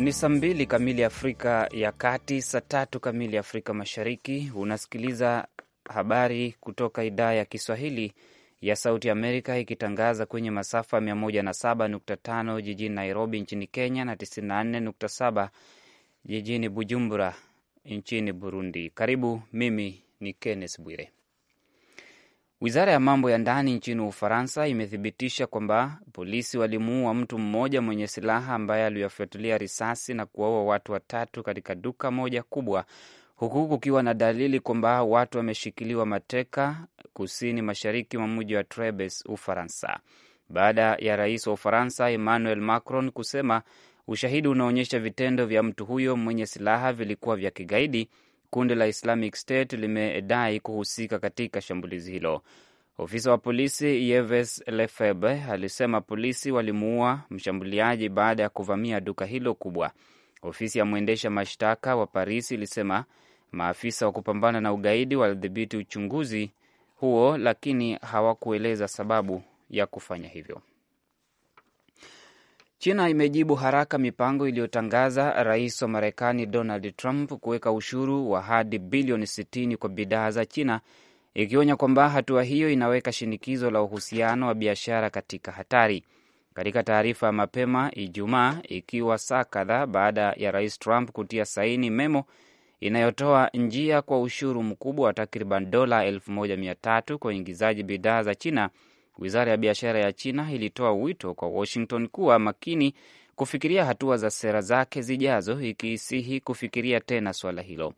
Ni saa mbili kamili Afrika ya Kati, saa tatu kamili Afrika Mashariki. Unasikiliza habari kutoka idhaa ya Kiswahili ya Sauti Amerika ikitangaza kwenye masafa 107.5 jijini Nairobi nchini Kenya na 94.7 jijini Bujumbura nchini Burundi. Karibu, mimi ni Kenneth Bwire. Wizara ya mambo ya ndani nchini Ufaransa imethibitisha kwamba polisi walimuua mtu mmoja mwenye silaha ambaye aliwafuatilia risasi na kuwaua watu watatu katika duka moja kubwa, huku kukiwa na dalili kwamba watu wameshikiliwa mateka kusini mashariki mwa mji wa Trebes, Ufaransa, baada ya rais wa Ufaransa Emmanuel Macron kusema ushahidi unaonyesha vitendo vya mtu huyo mwenye silaha vilikuwa vya kigaidi. Kundi la Islamic State limedai kuhusika katika shambulizi hilo. Ofisa wa polisi Yves Lefebvre alisema polisi walimuua mshambuliaji baada ya kuvamia duka hilo kubwa. Ofisi ya mwendesha mashtaka wa Paris ilisema maafisa wa kupambana na ugaidi walidhibiti uchunguzi huo, lakini hawakueleza sababu ya kufanya hivyo. China imejibu haraka mipango iliyotangaza rais wa Marekani Donald Trump kuweka ushuru wa hadi bilioni 60 kwa bidhaa za China, ikionya kwamba hatua hiyo inaweka shinikizo la uhusiano wa biashara katika hatari. Katika taarifa ya mapema Ijumaa, ikiwa saa kadhaa baada ya rais Trump kutia saini memo inayotoa njia kwa ushuru mkubwa wa takriban dola 1300 kwa uingizaji bidhaa za China Wizara ya biashara ya China ilitoa wito kwa Washington kuwa makini kufikiria hatua za sera zake zijazo, ikiisihi kufikiria tena suala hilo.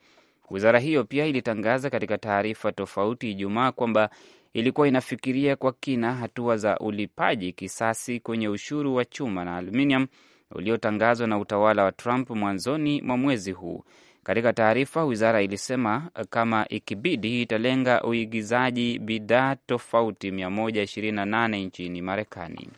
Wizara hiyo pia ilitangaza katika taarifa tofauti Ijumaa kwamba ilikuwa inafikiria kwa kina hatua za ulipaji kisasi kwenye ushuru wa chuma na aluminium uliotangazwa na utawala wa Trump mwanzoni mwa mwezi huu. Katika taarifa, wizara ilisema kama ikibidi, italenga uigizaji bidhaa tofauti 128 nchini Marekani.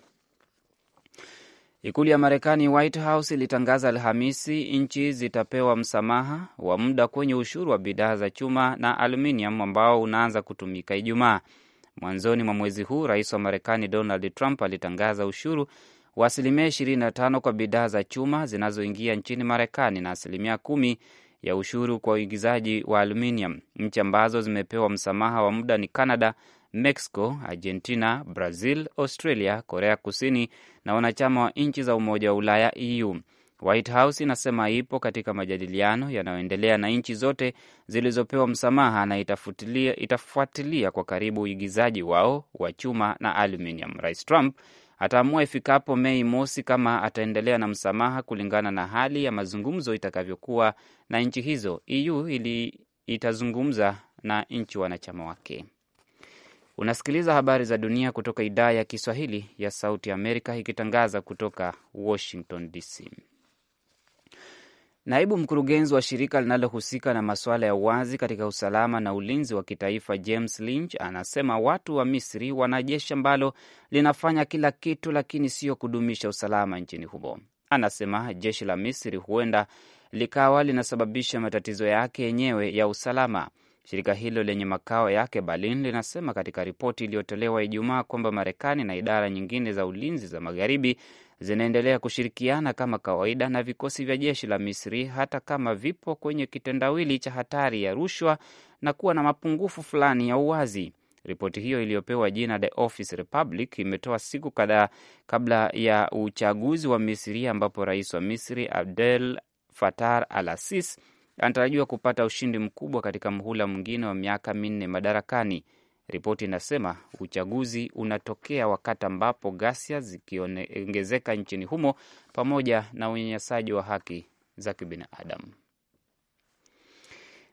Ikulu ya Marekani, White House, ilitangaza Alhamisi nchi zitapewa msamaha wa muda kwenye ushuru wa bidhaa za chuma na aluminium ambao unaanza kutumika Ijumaa. Mwanzoni mwa mwezi huu, rais wa Marekani Donald Trump alitangaza ushuru wa asilimia 25 kwa bidhaa za chuma zinazoingia nchini Marekani na asilimia kumi ya ushuru kwa uingizaji wa aluminium. Nchi ambazo zimepewa msamaha wa muda ni Canada, Mexico, Argentina, Brazil, Australia, Korea Kusini na wanachama wa nchi za Umoja wa Ulaya, EU. White House inasema ipo katika majadiliano yanayoendelea na nchi zote zilizopewa msamaha na itafuatilia kwa karibu uigizaji wao wa chuma na aluminium. Rais Trump ataamua ifikapo Mei mosi kama ataendelea na msamaha kulingana na hali ya mazungumzo itakavyokuwa na nchi hizo. EU ili itazungumza na nchi wanachama wake. Unasikiliza habari za dunia kutoka idhaa ya Kiswahili ya Sauti Amerika ikitangaza kutoka Washington DC. Naibu mkurugenzi wa shirika linalohusika na masuala ya uwazi katika usalama na ulinzi wa kitaifa James Lynch anasema watu wa Misri wana jeshi ambalo linafanya kila kitu, lakini sio kudumisha usalama nchini humo. Anasema jeshi la Misri huenda likawa linasababisha matatizo yake yenyewe ya usalama. Shirika hilo lenye makao yake Berlin linasema katika ripoti iliyotolewa Ijumaa kwamba Marekani na idara nyingine za ulinzi za magharibi zinaendelea kushirikiana kama kawaida na vikosi vya jeshi la Misri hata kama vipo kwenye kitendawili cha hatari ya rushwa na kuwa na mapungufu fulani ya uwazi. Ripoti hiyo iliyopewa jina The Office Republic imetoa siku kadhaa kabla ya uchaguzi wa Misri ambapo rais wa Misri Abdel Fattah al-Sisi anatarajiwa kupata ushindi mkubwa katika mhula mwingine wa miaka minne madarakani. Ripoti inasema uchaguzi unatokea wakati ambapo ghasia zikiongezeka nchini humo pamoja na unyanyasaji wa haki za kibinadamu.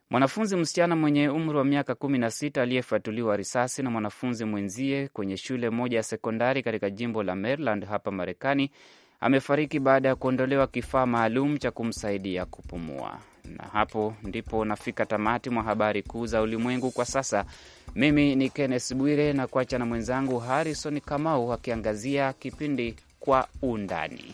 Mwanafunzi msichana mwenye umri wa miaka kumi na sita aliyefatuliwa risasi na mwanafunzi mwenzie kwenye shule moja ya sekondari katika jimbo la Maryland hapa Marekani amefariki baada ya kuondolewa kifaa maalum cha kumsaidia kupumua. Na hapo ndipo nafika tamati mwa habari kuu za ulimwengu kwa sasa. Mimi ni Kenneth Bwire na kuacha na mwenzangu Harrison Kamau akiangazia kipindi kwa undani.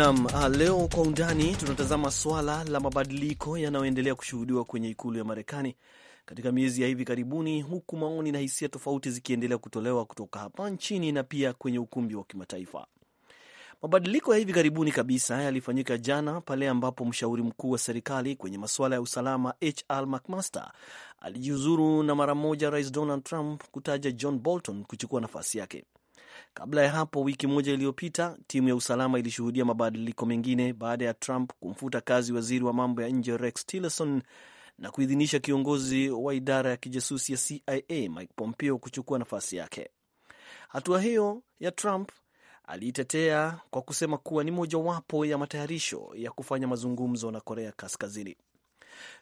Nam, ah, leo kwa undani tunatazama swala la mabadiliko yanayoendelea kushuhudiwa kwenye ikulu ya Marekani katika miezi ya hivi karibuni, huku maoni na hisia tofauti zikiendelea kutolewa kutoka hapa nchini na pia kwenye ukumbi wa kimataifa. Mabadiliko ya hivi karibuni kabisa yalifanyika jana pale ambapo mshauri mkuu wa serikali kwenye masuala ya usalama HR McMaster alijiuzuru na mara moja Rais Donald Trump kutaja John Bolton kuchukua nafasi yake. Kabla ya hapo, wiki moja iliyopita, timu ya usalama ilishuhudia mabadiliko mengine baada ya Trump kumfuta kazi waziri wa mambo ya nje Rex Tillerson na kuidhinisha kiongozi wa idara ya kijasusi ya CIA Mike Pompeo kuchukua nafasi yake. Hatua hiyo ya Trump aliitetea kwa kusema kuwa ni mojawapo ya matayarisho ya kufanya mazungumzo na Korea Kaskazini.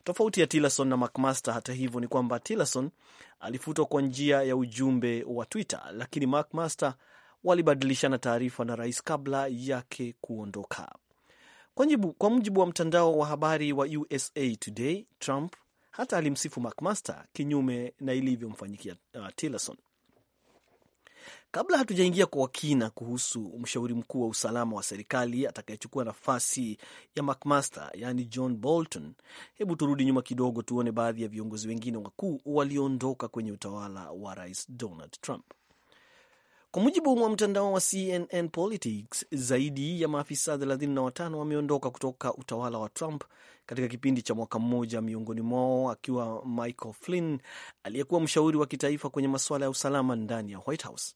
Tofauti ya Tillerson na McMaster, hata hivyo, ni kwamba Tillerson alifutwa kwa njia ya ujumbe wa Twitter, lakini McMaster walibadilishana taarifa na rais kabla yake kuondoka. Kwa, njibu, kwa mujibu wa mtandao wa habari wa USA Today, Trump hata alimsifu McMaster kinyume na ilivyomfanyikia uh, Tillerson. Kabla hatujaingia kwa kina kuhusu mshauri mkuu wa usalama wa serikali atakayechukua nafasi ya McMaster, yaani John Bolton, hebu turudi nyuma kidogo tuone baadhi ya viongozi wengine wakuu walioondoka kwenye utawala wa Rais Donald Trump. Kwa mujibu wa mtandao wa CNN Politics, zaidi ya maafisa 35 wameondoka kutoka utawala wa Trump katika kipindi cha mwaka mmoja, miongoni mwao akiwa Michael Flynn aliyekuwa mshauri wa kitaifa kwenye masuala ya usalama ndani ya White House,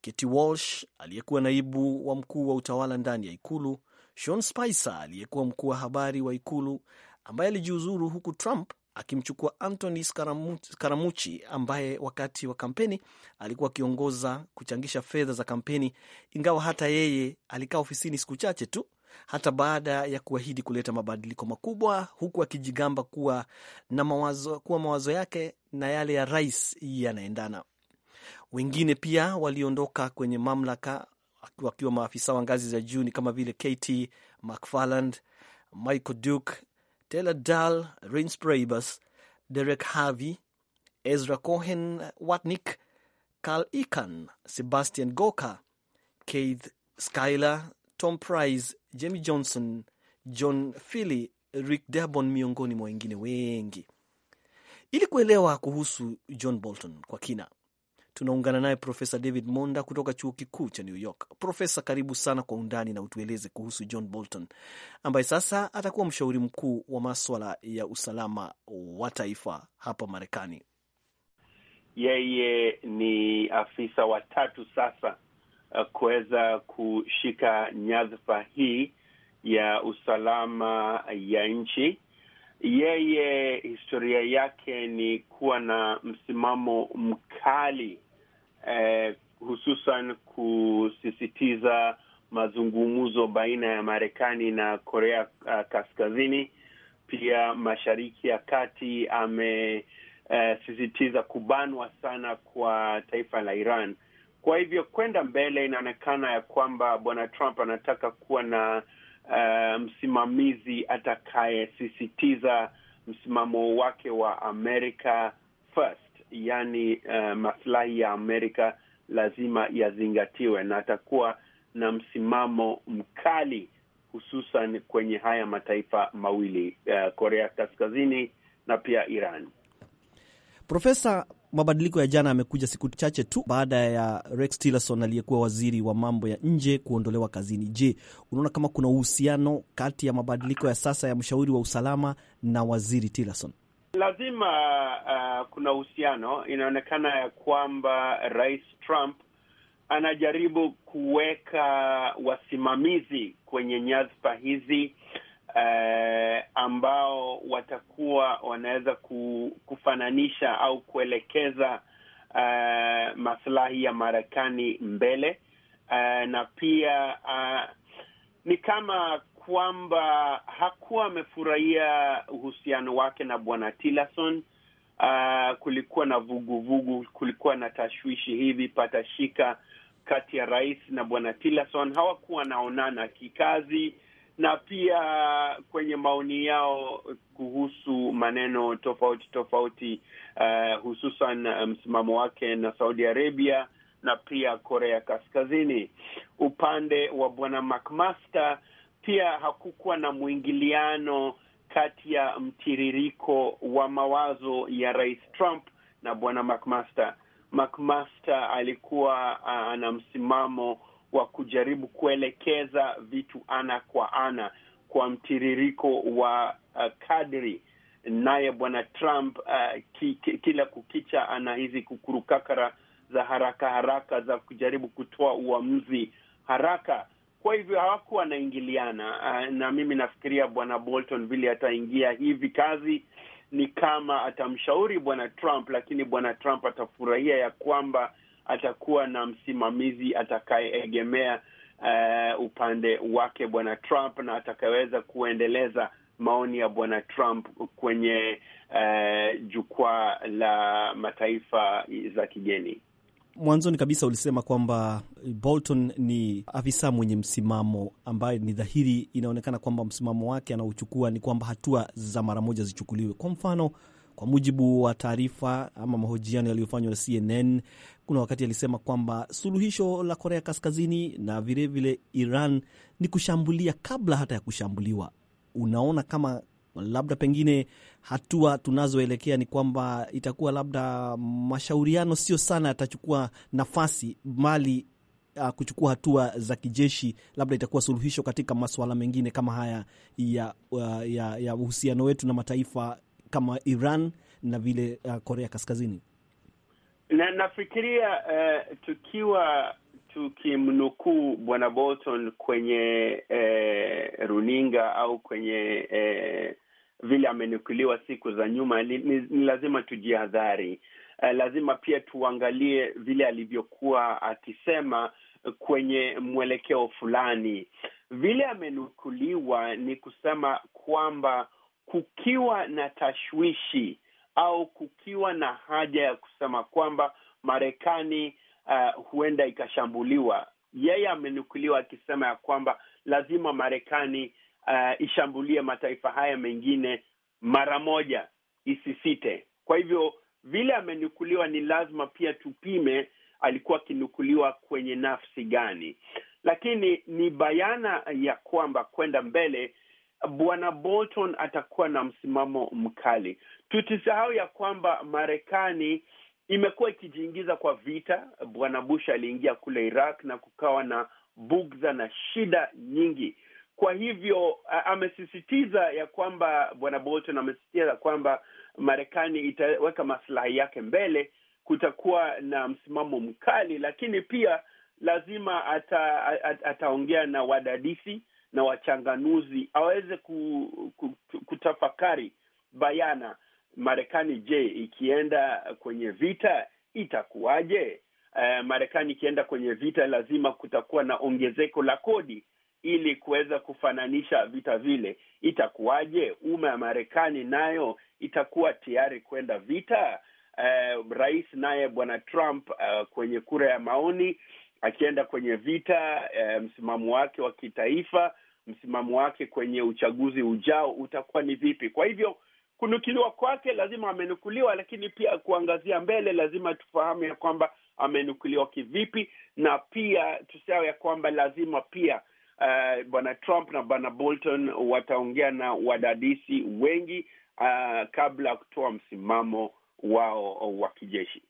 Katie Walsh aliyekuwa naibu wa mkuu wa utawala ndani ya ikulu, Sean Spicer aliyekuwa mkuu wa habari wa ikulu ambaye alijiuzuru, huku Trump akimchukua antony skaramuchi ambaye wakati wa kampeni alikuwa akiongoza kuchangisha fedha za kampeni, ingawa hata yeye alikaa ofisini siku chache tu hata baada ya kuahidi kuleta mabadiliko makubwa, huku akijigamba kuwa na mawazo, kuwa mawazo yake na yale ya rais yanaendana. Wengine pia waliondoka kwenye mamlaka wakiwa maafisa wa ngazi za juu ni kama vile KT McFarland, Michael Duke Taylor Dahl, Rince Priebus, Derek Harvey, Ezra Cohen Watnick, Carl Ikan, Sebastian goka Keith Skyler, Tom Price, Jamie Johnson, John Philly, Rick Debon miongoni mwa wengine wengi. Ili kuelewa kuhusu John Bolton kwa kina Tunaungana naye Profesa David Monda kutoka chuo kikuu cha New York. Profesa, karibu sana kwa undani na utueleze kuhusu John Bolton ambaye sasa atakuwa mshauri mkuu wa maswala ya usalama wa taifa hapa Marekani. Yeye ni afisa wa tatu sasa uh, kuweza kushika nyadhifa hii ya usalama ya nchi. Yeye historia yake ni kuwa na msimamo mkali eh, hususan kusisitiza mazungumzo baina ya Marekani na Korea uh, Kaskazini. Pia Mashariki ya Kati amesisitiza eh, uh, kubanwa sana kwa taifa la Iran. Kwa hivyo kwenda mbele, inaonekana ya kwamba bwana Trump anataka kuwa na uh, msimamizi atakayesisitiza msimamo wake wa America First yani uh, eh, maslahi ya Amerika lazima yazingatiwe, na atakuwa na msimamo mkali hususan kwenye haya mataifa mawili uh, Korea Kaskazini na pia Iran. Profesa, mabadiliko ya jana yamekuja siku chache tu baada ya Rex Tillerson aliyekuwa waziri wa mambo ya nje kuondolewa kazini. Je, unaona kama kuna uhusiano kati ya mabadiliko ya sasa ya mshauri wa usalama na waziri Tillerson? lazima uh, kuna uhusiano. Inaonekana ya kwamba Rais Trump anajaribu kuweka wasimamizi kwenye nyadhifa hizi uh, ambao watakuwa wanaweza kufananisha au kuelekeza uh, masilahi ya Marekani mbele uh, na pia uh, ni kama kwamba hakuwa amefurahia uhusiano wake na bwana Tillerson. Uh, kulikuwa na vuguvugu vugu, kulikuwa na tashwishi hivi patashika kati ya rais na bwana Tillerson. Hawakuwa wanaonana kikazi na pia kwenye maoni yao kuhusu maneno tofauti tofauti, uh, hususan ah, msimamo wake na Saudi Arabia na pia Korea Kaskazini. Upande wa bwana McMaster pia hakukuwa na mwingiliano kati ya mtiririko wa mawazo ya Rais Trump na bwana McMaster. McMaster alikuwa ana msimamo wa kujaribu kuelekeza vitu ana kwa ana kwa mtiririko wa uh, kadri naye bwana Trump uh, ki, ki, kila kukicha ana hizi kukurukakara za haraka haraka za kujaribu kutoa uamuzi haraka kwa hivyo hawaku wanaingiliana, eh, na mimi nafikiria bwana Bolton vile ataingia hivi kazi ni kama atamshauri bwana Trump, lakini bwana Trump atafurahia ya kwamba atakuwa na msimamizi atakayeegemea uh, upande wake bwana Trump na atakayeweza kuendeleza maoni ya bwana Trump kwenye uh, jukwaa la mataifa za kigeni. Mwanzoni kabisa ulisema kwamba Bolton ni afisa mwenye msimamo ambaye ni dhahiri, inaonekana kwamba msimamo wake anaochukua ni kwamba hatua za mara moja zichukuliwe. Kwa mfano, kwa mujibu wa taarifa ama mahojiano yaliyofanywa na CNN, kuna wakati alisema kwamba suluhisho la Korea Kaskazini na vilevile Iran ni kushambulia kabla hata ya kushambuliwa. Unaona kama labda pengine hatua tunazoelekea ni kwamba itakuwa labda mashauriano sio sana yatachukua nafasi, mali uh, ah, kuchukua hatua za kijeshi labda itakuwa suluhisho katika masuala mengine kama haya ya uh, ya uhusiano wetu na mataifa kama Iran na vile uh, Korea Kaskazini. Na nafikiria uh, tukiwa tukimnukuu Bwana Bolton kwenye uh, runinga au kwenye uh, vile amenukuliwa siku za nyuma, ni, ni lazima tujihadhari. Uh, lazima pia tuangalie vile alivyokuwa akisema kwenye mwelekeo fulani. Vile amenukuliwa ni kusema kwamba kukiwa na tashwishi au kukiwa na haja ya kusema kwamba Marekani uh, huenda ikashambuliwa, yeye amenukuliwa akisema ya kwamba lazima Marekani uh, ishambulie mataifa haya mengine mara moja, isisite. Kwa hivyo vile amenukuliwa, ni lazima pia tupime alikuwa akinukuliwa kwenye nafsi gani, lakini ni bayana ya kwamba kwenda mbele Bwana Bolton atakuwa na msimamo mkali. Tutisahau ya kwamba Marekani imekuwa ikijiingiza kwa vita. Bwana Bush aliingia kule Iraq na kukawa na bugza na shida nyingi. Kwa hivyo amesisitiza ya kwamba bwana Bolton amesisitiza kwamba Marekani itaweka masilahi yake mbele. Kutakuwa na msimamo mkali, lakini pia lazima ata, ata, ataongea na wadadisi na wachanganuzi aweze ku, ku, kutafakari bayana Marekani, je, ikienda kwenye vita itakuwaje? Uh, Marekani ikienda kwenye vita lazima kutakuwa na ongezeko la kodi ili kuweza kufananisha vita vile. Itakuwaje? umma ya Marekani nayo itakuwa tayari kwenda vita? Uh, rais naye bwana Trump uh, kwenye kura ya maoni akienda kwenye vita uh, msimamo wake wa kitaifa, msimamo wake kwenye uchaguzi ujao utakuwa ni vipi? Kwa hivyo kunukuliwa kwake lazima amenukuliwa, lakini pia kuangazia mbele lazima tufahamu ya kwamba amenukuliwa kivipi, na pia tusahau ya kwamba lazima pia uh, bwana Trump na bwana Bolton wataongea na wadadisi wengi uh, kabla ya kutoa msimamo wao wa kijeshi.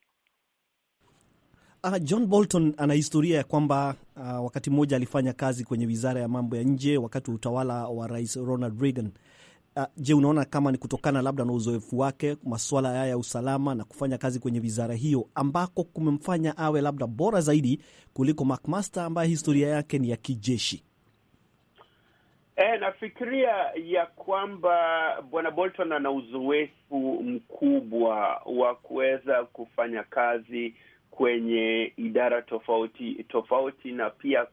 Uh, John Bolton ana historia ya kwamba uh, wakati mmoja alifanya kazi kwenye wizara ya mambo ya nje wakati wa utawala wa Rais Ronald Reagan. Uh, je, unaona kama ni kutokana labda na uzoefu wake masuala haya ya usalama na kufanya kazi kwenye wizara hiyo ambako kumemfanya awe labda bora zaidi kuliko McMaster ambaye historia yake ni ya kijeshi? E, nafikiria ya kwamba bwana Bolton ana uzoefu mkubwa wa kuweza kufanya kazi kwenye idara tofauti tofauti na pia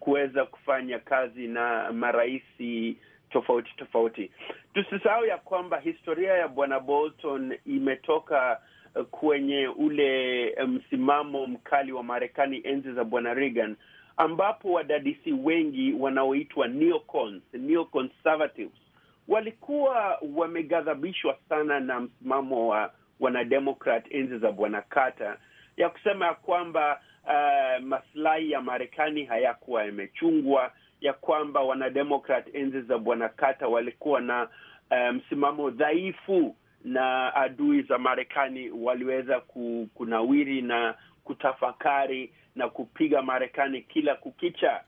kuweza kufanya kazi na marahisi tofauti tofauti. Tusisahau ya kwamba historia ya bwana Bolton imetoka eh, kwenye ule eh, msimamo mkali wa Marekani enzi za bwana Reagan ambapo wadadisi wengi wanaoitwa neocons, neoconservatives walikuwa wameghadhabishwa sana na msimamo wa wanademokrat enzi za Bwana Carter ya kusema ya kwamba uh, eh, masilahi ya Marekani hayakuwa yamechungwa, ya kwamba wanademokrat enzi za Bwana Carter walikuwa na eh, msimamo dhaifu na adui za Marekani waliweza kunawiri na kutafakari na kupiga Marekani kila kukicha.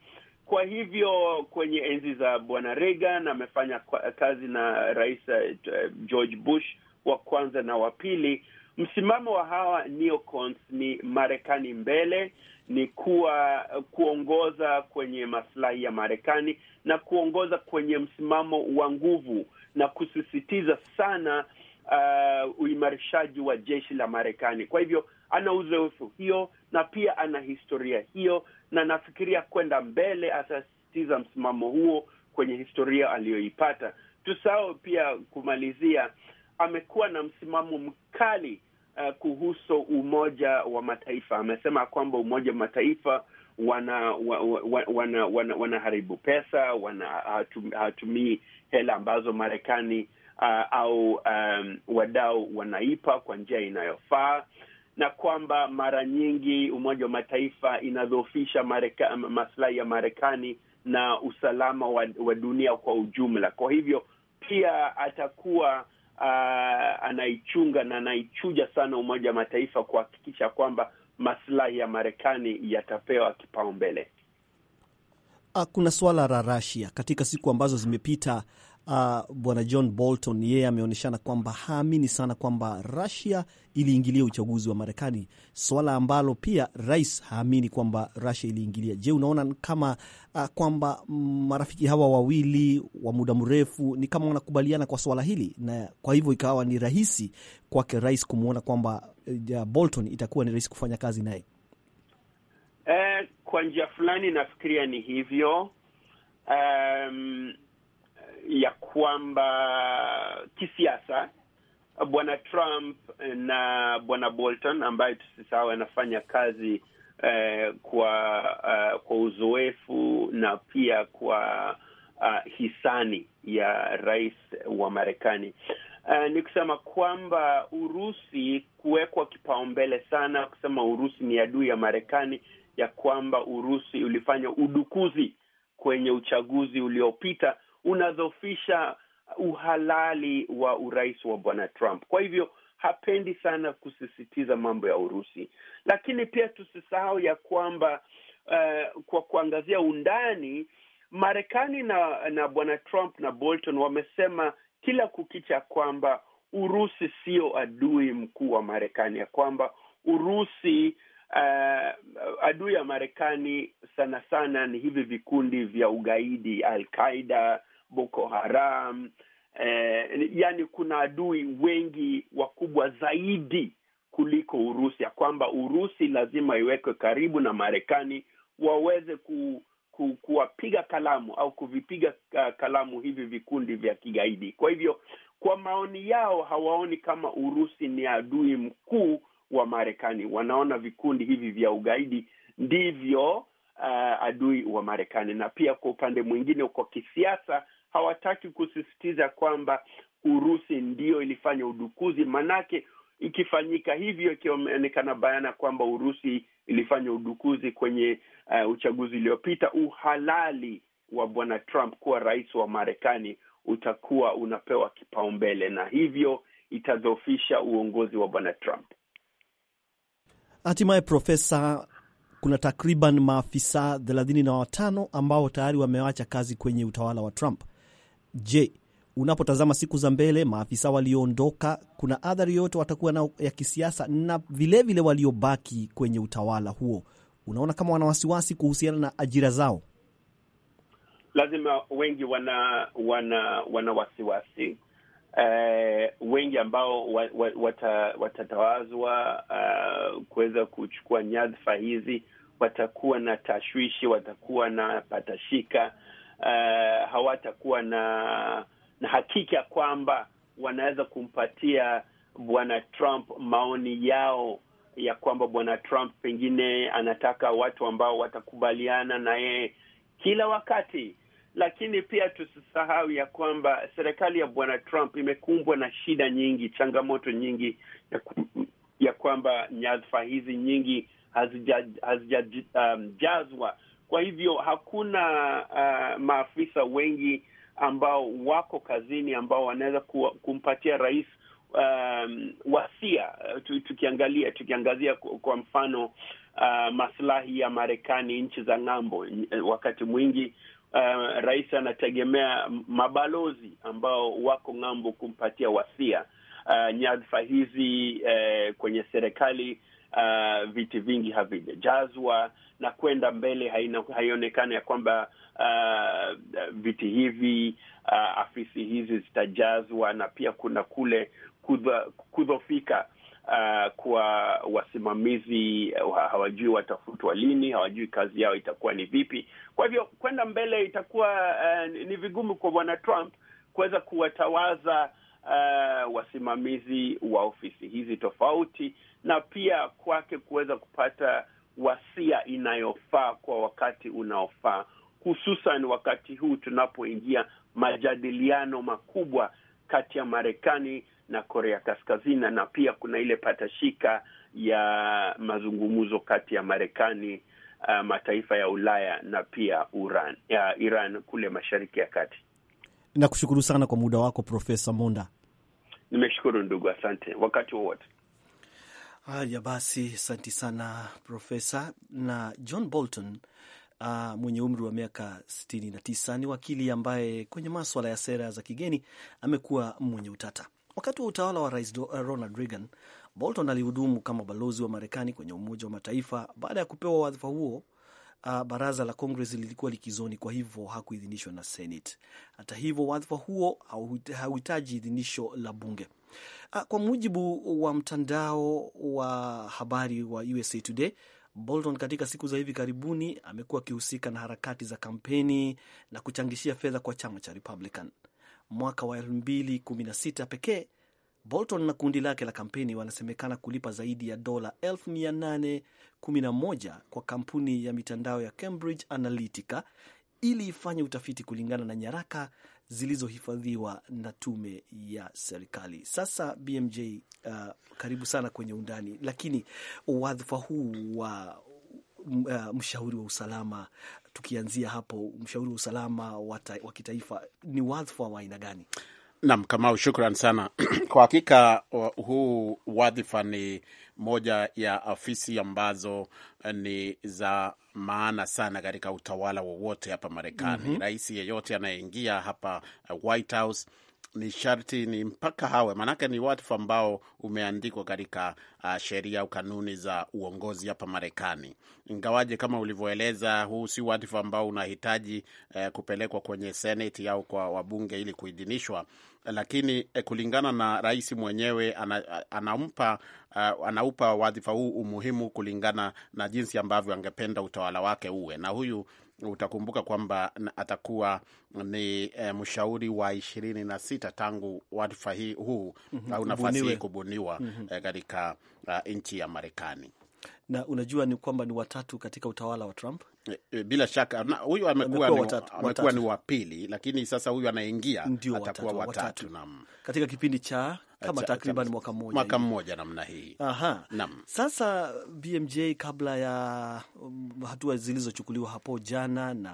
Kwa hivyo kwenye enzi za bwana Reagan amefanya kazi na rais eh, George Bush wa kwanza na wa pili. Msimamo wa hawa neocons ni Marekani mbele, ni kuwa kuongoza kwenye maslahi ya Marekani na kuongoza kwenye msimamo wa nguvu na kusisitiza sana uh, uimarishaji wa jeshi la Marekani. Kwa hivyo ana uzoefu hiyo na pia ana historia hiyo, na nafikiria kwenda mbele atasisitiza msimamo huo kwenye historia aliyoipata. Tusahau pia kumalizia, amekuwa na msimamo mkali uh, kuhusu Umoja wa Mataifa. Amesema kwamba Umoja wa Mataifa wana wanaharibu wana, wana, wana pesa, wana hawatumii hela ambazo Marekani uh, au um, wadau wanaipa kwa njia inayofaa na kwamba mara nyingi Umoja wa Mataifa inadhoofisha maslahi ya Marekani na usalama wa, wa dunia kwa ujumla. Kwa hivyo pia atakuwa uh, anaichunga na anaichuja sana Umoja wa Mataifa kuhakikisha kwamba maslahi ya Marekani yatapewa kipaumbele. Ah, kuna suala la Rasia katika siku ambazo zimepita, uh, bwana John Bolton yeye ameonyeshana kwamba haamini sana kwamba Russia iliingilia uchaguzi wa Marekani, swala ambalo pia rais haamini kwamba Russia iliingilia. Je, unaona kama uh, kwamba mm, marafiki hawa wawili wa muda mrefu ni kama wanakubaliana kwa swala hili, na kwa hivyo ikawa ni rahisi kwake rais kumwona kwamba uh, Bolton itakuwa ni rahisi kufanya kazi naye? Eh, kwa njia fulani nafikiria ni hivyo. Um, ya kwamba kisiasa bwana Trump na bwana Bolton ambaye tusisahau anafanya kazi eh, kwa uh, kwa uzoefu na pia kwa uh, hisani ya rais wa Marekani. Uh, ni kusema kwamba Urusi kuwekwa kipaumbele sana, kusema Urusi ni adui ya Marekani, ya kwamba Urusi ulifanya udukuzi kwenye uchaguzi uliopita unadhofisha uhalali wa urais wa bwana Trump. Kwa hivyo hapendi sana kusisitiza mambo ya Urusi, lakini pia tusisahau ya kwamba uh, kwa kuangazia undani Marekani na na bwana Trump na Bolton wamesema kila kukicha kwamba Urusi sio adui mkuu wa Marekani, ya kwamba Urusi uh, adui ya Marekani sana sana ni hivi vikundi vya ugaidi Al Qaida Boko Haram eh, yani kuna adui wengi wakubwa zaidi kuliko Urusi, ya kwamba Urusi lazima iwekwe karibu na Marekani waweze ku, ku, kuwapiga kalamu au kuvipiga kalamu hivi vikundi vya kigaidi. Kwa hivyo, kwa maoni yao hawaoni kama Urusi ni adui mkuu wa Marekani. Wanaona vikundi hivi vya ugaidi ndivyo uh, adui wa Marekani. Na pia kwa upande mwingine, kwa kisiasa hawataki kusisitiza kwamba Urusi ndiyo ilifanya udukuzi, manake ikifanyika hivyo, ikionekana bayana kwamba Urusi ilifanya udukuzi kwenye uh, uchaguzi uliopita, uhalali wa bwana Trump kuwa rais wa Marekani utakuwa unapewa kipaumbele na hivyo itadhoofisha uongozi wa bwana Trump. Hatimaye Profesa, kuna takriban maafisa thelathini na watano ambao tayari wamewacha kazi kwenye utawala wa Trump. Je, unapotazama siku za mbele, maafisa walioondoka, kuna athari yoyote watakuwa nao ya kisiasa, na vilevile waliobaki kwenye utawala huo, unaona kama wana wasiwasi kuhusiana na ajira zao? Lazima wengi wana wana wana wasiwasi eh, wengi ambao wa, wa, wata, watatawazwa uh, kuweza kuchukua nyadhifa hizi watakuwa na tashwishi, watakuwa na patashika uh, hawatakuwa na na hakika kwamba wanaweza kumpatia bwana Trump maoni yao ya kwamba bwana Trump pengine anataka watu ambao watakubaliana na yeye kila wakati. Lakini pia tusisahau ya kwamba serikali ya bwana Trump imekumbwa na shida nyingi, changamoto nyingi ya, ya kwamba nyadhifa hizi nyingi hazijajazwa um, kwa hivyo hakuna uh, maafisa wengi ambao wako kazini ambao wanaweza kumpatia rais um, wasia, uh, tukiangalia tukiangazia kwa mfano uh, maslahi ya Marekani, nchi za ng'ambo. Wakati mwingi uh, rais anategemea mabalozi ambao wako ng'ambo kumpatia wasia uh, nyadhifa hizi uh, kwenye serikali uh, viti vingi havijajazwa na kwenda mbele haionekana ya kwamba uh, viti hivi uh, afisi hizi zitajazwa, na pia kuna kule kudhofika uh, kwa wasimamizi uh, hawajui watafutwa lini, hawajui kazi yao itakuwa ni vipi. Kwa hivyo kwenda mbele itakuwa uh, ni vigumu kwa bwana Trump kuweza kuwatawaza uh, wasimamizi wa ofisi hizi tofauti, na pia kwake kuweza kupata wasia inayofaa kwa wakati unaofaa, hususan wakati huu tunapoingia majadiliano makubwa kati ya Marekani na Korea Kaskazini, na pia kuna ile patashika ya mazungumzo kati ya Marekani, uh, mataifa ya Ulaya na pia Iran, ya Iran kule Mashariki ya Kati. Nakushukuru sana kwa muda wako Profesa Monda. Nimeshukuru ndugu, asante wakati wowote. Haya basi, asanti sana Profesa. Na John Bolton Uh, mwenye umri wa miaka 69 ni wakili ambaye kwenye maswala ya sera za kigeni amekuwa mwenye utata. Wakati wa utawala wa Rais eh, Ronald Reagan, Bolton alihudumu kama balozi wa Marekani kwenye Umoja wa Mataifa baada ya kupewa wadhifa huo uh, baraza la Congress lilikuwa likizoni, kwa hivyo hakuidhinishwa na Senate. Hata hivyo, wadhifa huo hauhitaji idhinisho la bunge. Uh, kwa mujibu wa mtandao wa habari wa USA Today, Bolton katika siku za hivi karibuni amekuwa akihusika na harakati za kampeni na kuchangishia fedha kwa chama cha Republican. Mwaka wa 2016 pekee Bolton na kundi lake la kampeni wanasemekana kulipa zaidi ya dola 811 kwa kampuni ya mitandao ya Cambridge Analytica ili ifanye utafiti kulingana na nyaraka zilizohifadhiwa na tume ya serikali. Sasa BMJ, uh, karibu sana kwenye undani, lakini wadhifa huu wa uh, mshauri wa usalama, tukianzia hapo, mshauri wa usalama wa kitaifa ni wadhifa wa aina gani? Nam Kamau, shukran sana kwa hakika, huu wadhifa ni moja ya afisi ambazo eh, ni za maana sana katika utawala wowote hapa Marekani. mm -hmm. Rais yeyote anayeingia hapa eh, White House ni sharti ni mpaka hawe, maanake ni watu ambao umeandikwa katika uh, sheria au kanuni za uongozi hapa Marekani. Ingawaje kama ulivyoeleza, huu si wadhifa ambao unahitaji uh, kupelekwa kwenye seneti au kwa wabunge ili kuidhinishwa, lakini eh, kulingana na rais mwenyewe ana, anampa uh, anaupa wadhifa huu umuhimu kulingana na jinsi ambavyo angependa utawala wake uwe na huyu utakumbuka kwamba atakuwa ni e, mshauri wa ishirini na sita tangu wadhifa hii huu mm -hmm, au nafasi hii kubuniwa mm -hmm, katika uh, nchi ya Marekani na unajua ni kwamba ni watatu katika utawala wa Trump. Bila shaka huyu amekuwa ni wa pili, lakini sasa huyu anaingia atakuwa watatu, watatu. Naam, katika kipindi cha kama takriban mwaka mmoja mwaka mmoja namna hii. Aha. Nam. Sasa BMJ, kabla ya um, hatua zilizochukuliwa hapo jana na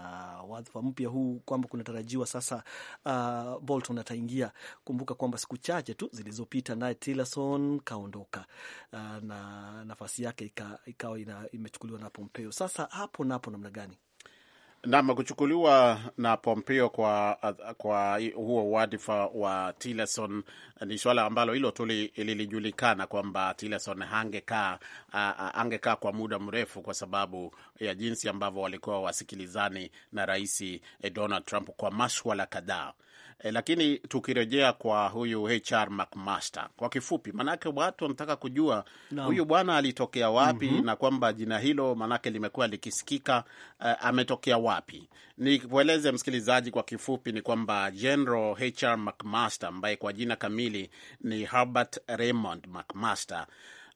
wadhifa mpya huu kwamba kunatarajiwa sasa uh, Bolton ataingia. Kumbuka kwamba siku chache tu zilizopita naye Tillerson kaondoka uh, na nafasi yake ikawa ikawa imechukuliwa na Pompeo. Sasa hapo napo namna gani? Nam kuchukuliwa na Pompeo kwa, kwa huo wadhifa wa Tillerson ni suala ambalo hilo tu lilijulikana kwamba Tillerson hangekaa angekaa kwa muda mrefu kwa sababu ya jinsi ambavyo walikuwa wasikilizani na Rais eh, Donald Trump kwa maswala kadhaa. E, lakini tukirejea kwa huyu HR McMaster kwa kifupi, maanake watu wanataka kujua no. huyu bwana alitokea wapi mm -hmm. na kwamba jina hilo maanake limekuwa likisikika uh, ametokea wapi? Nikueleze msikilizaji kwa kifupi ni kwamba General HR McMaster ambaye kwa jina kamili ni Herbert Raymond McMaster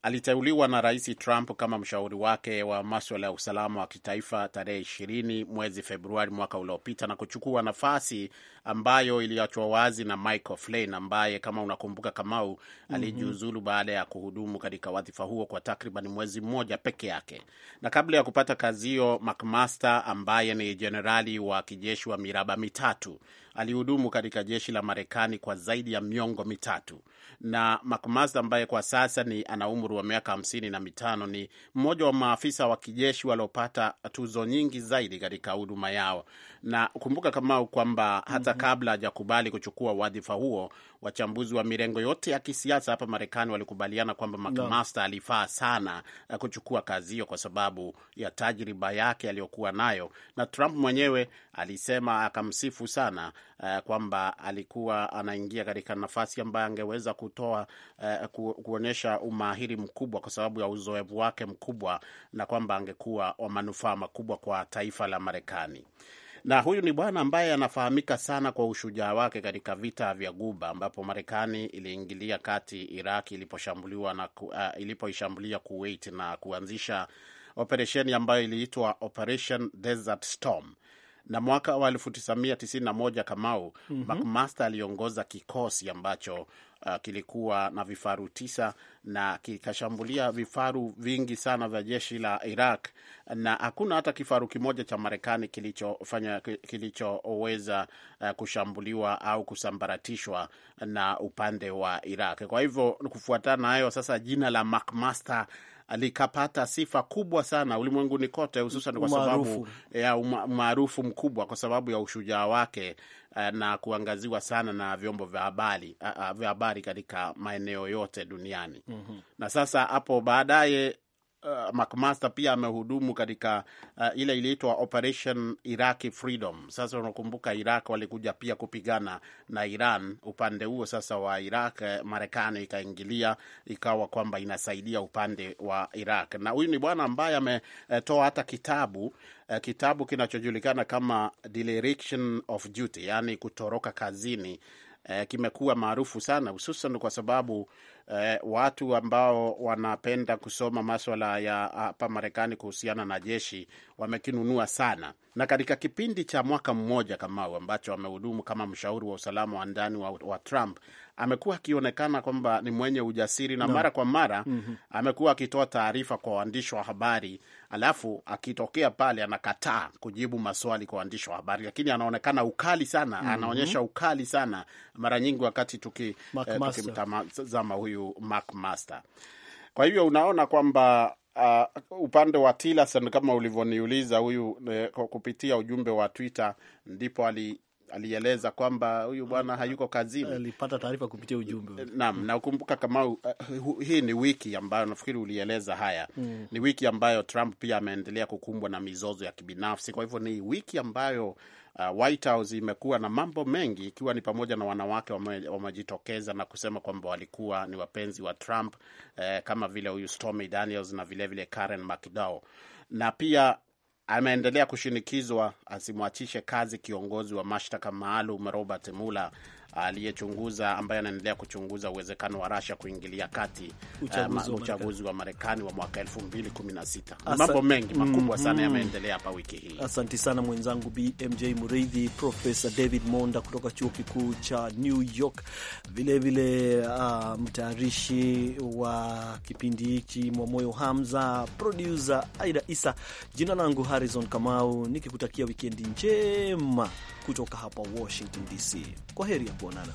aliteuliwa na Rais Trump kama mshauri wake wa maswala ya usalama wa kitaifa tarehe ishirini mwezi Februari mwaka uliopita na kuchukua nafasi ambayo iliachwa wazi na Michael Flynn ambaye kama unakumbuka Kamau, mm -hmm. alijiuzulu baada ya kuhudumu katika wadhifa huo kwa takriban mwezi mmoja peke yake. Na kabla ya kupata kazi hiyo, McMaster ambaye ni jenerali wa kijeshi wa miraba mitatu alihudumu katika jeshi la Marekani kwa zaidi ya miongo mitatu, na McMaster ambaye kwa sasa ni ana umri wa miaka hamsini na mitano ni mmoja wa maafisa wa kijeshi waliopata tuzo nyingi zaidi katika huduma yao, na kumbuka kama kwamba hata mhm. kabla hajakubali kuchukua wadhifa huo, wachambuzi wa mirengo yote ya kisiasa hapa Marekani walikubaliana kwamba McMaster no. alifaa sana eh, kuchukua kazi hiyo kwa sababu ya tajriba yake aliyokuwa nayo, na Trump mwenyewe alisema akamsifu sana eh, kwamba alikuwa anaingia katika nafasi ambayo angeweza kutoa eh, ku, kuonyesha umahiri mkubwa kwa sababu ya uzoefu wake mkubwa na kwamba angekuwa wa manufaa makubwa kwa taifa la Marekani na huyu ni bwana ambaye anafahamika sana kwa ushujaa wake katika vita vya Guba ambapo Marekani iliingilia kati Iraq iliposhambuliwa na uh, ilipoishambulia Kuwait na kuanzisha operesheni ambayo iliitwa Operation Desert Storm na mwaka wa 1991 Kamau, mm -hmm. McMaster aliongoza kikosi ambacho uh, kilikuwa na vifaru tisa na kikashambulia vifaru vingi sana vya jeshi la Iraq, na hakuna hata kifaru kimoja cha Marekani kilichofanya kilichoweza uh, kushambuliwa au kusambaratishwa na upande wa Iraq. Kwa hivyo kufuatana nayo sasa, jina la McMaster likapata sifa kubwa sana ulimwenguni kote, hususan kwa sababu ya umaarufu mkubwa kwa sababu ya ushujaa wake eh, na kuangaziwa sana na vyombo vya habari eh, eh, vya habari katika maeneo yote duniani. mm -hmm. Na sasa hapo baadaye uh, McMaster pia amehudumu katika uh, ile iliitwa Operation Iraqi Freedom. Sasa unakumbuka Iraq walikuja pia kupigana na Iran upande huo sasa wa Iraq, eh, Marekani ikaingilia ikawa kwamba inasaidia upande wa Iraq, na huyu ni bwana ambaye ametoa hata kitabu eh, kitabu kinachojulikana kama Dereliction of Duty, yaani kutoroka kazini. Eh, kimekuwa maarufu sana hususan kwa sababu eh, watu ambao wanapenda kusoma maswala ya ah, hapa Marekani kuhusiana na jeshi wamekinunua sana, na katika kipindi cha mwaka mmoja Kamau ambacho amehudumu kama mshauri wa usalama wa ndani wa, wa Trump amekuwa akionekana kwamba ni mwenye ujasiri na no. mara kwa mara mm -hmm. amekuwa akitoa taarifa kwa waandishi wa habari, alafu akitokea pale anakataa kujibu maswali kwa waandishi wa habari, lakini anaonekana ukali sana mm -hmm. anaonyesha ukali sana mara nyingi wakati eh, tukimtazama eh, huyu Mark Master. Kwa hivyo unaona kwamba Uh, upande wa Tillerson kama ulivyoniuliza huyu eh, kupitia ujumbe wa Twitter ndipo ali alieleza kwamba huyu bwana mm. hayuko kazini. Alipata taarifa kupitia ujumbe. Naam, mm. na ukumbuka kama uh, hii ni wiki ambayo nafikiri ulieleza haya mm. Ni wiki ambayo Trump pia ameendelea kukumbwa na mizozo ya kibinafsi, kwa hivyo ni wiki ambayo uh, White House imekuwa na mambo mengi, ikiwa ni pamoja na wanawake wamejitokeza na kusema kwamba walikuwa ni wapenzi wa Trump eh, kama vile huyu Stormy Daniels na vilevile vile Karen McDowell na pia ameendelea kushinikizwa asimwachishe kazi kiongozi wa mashtaka maalum Robert Mueller aliyechunguza ambaye anaendelea kuchunguza uwezekano wa Russia kuingilia kati uchaguzi, uh, uchaguzi wa Marekani wa mwaka 2016. Mambo mengi makubwa sana mm mm-hmm. sana yameendelea hapa wiki hii. Asante sana mwenzangu BMJ Muridhi, Profesa David Monda kutoka chuo kikuu cha New York, vilevile uh, ah, mtayarishi wa kipindi hiki Mwamoyo Hamza, produsa Aida Isa. Jina langu Harrison Kamau nikikutakia wikendi njema kutoka hapa Washington DC. Kwa heri ya kuonana.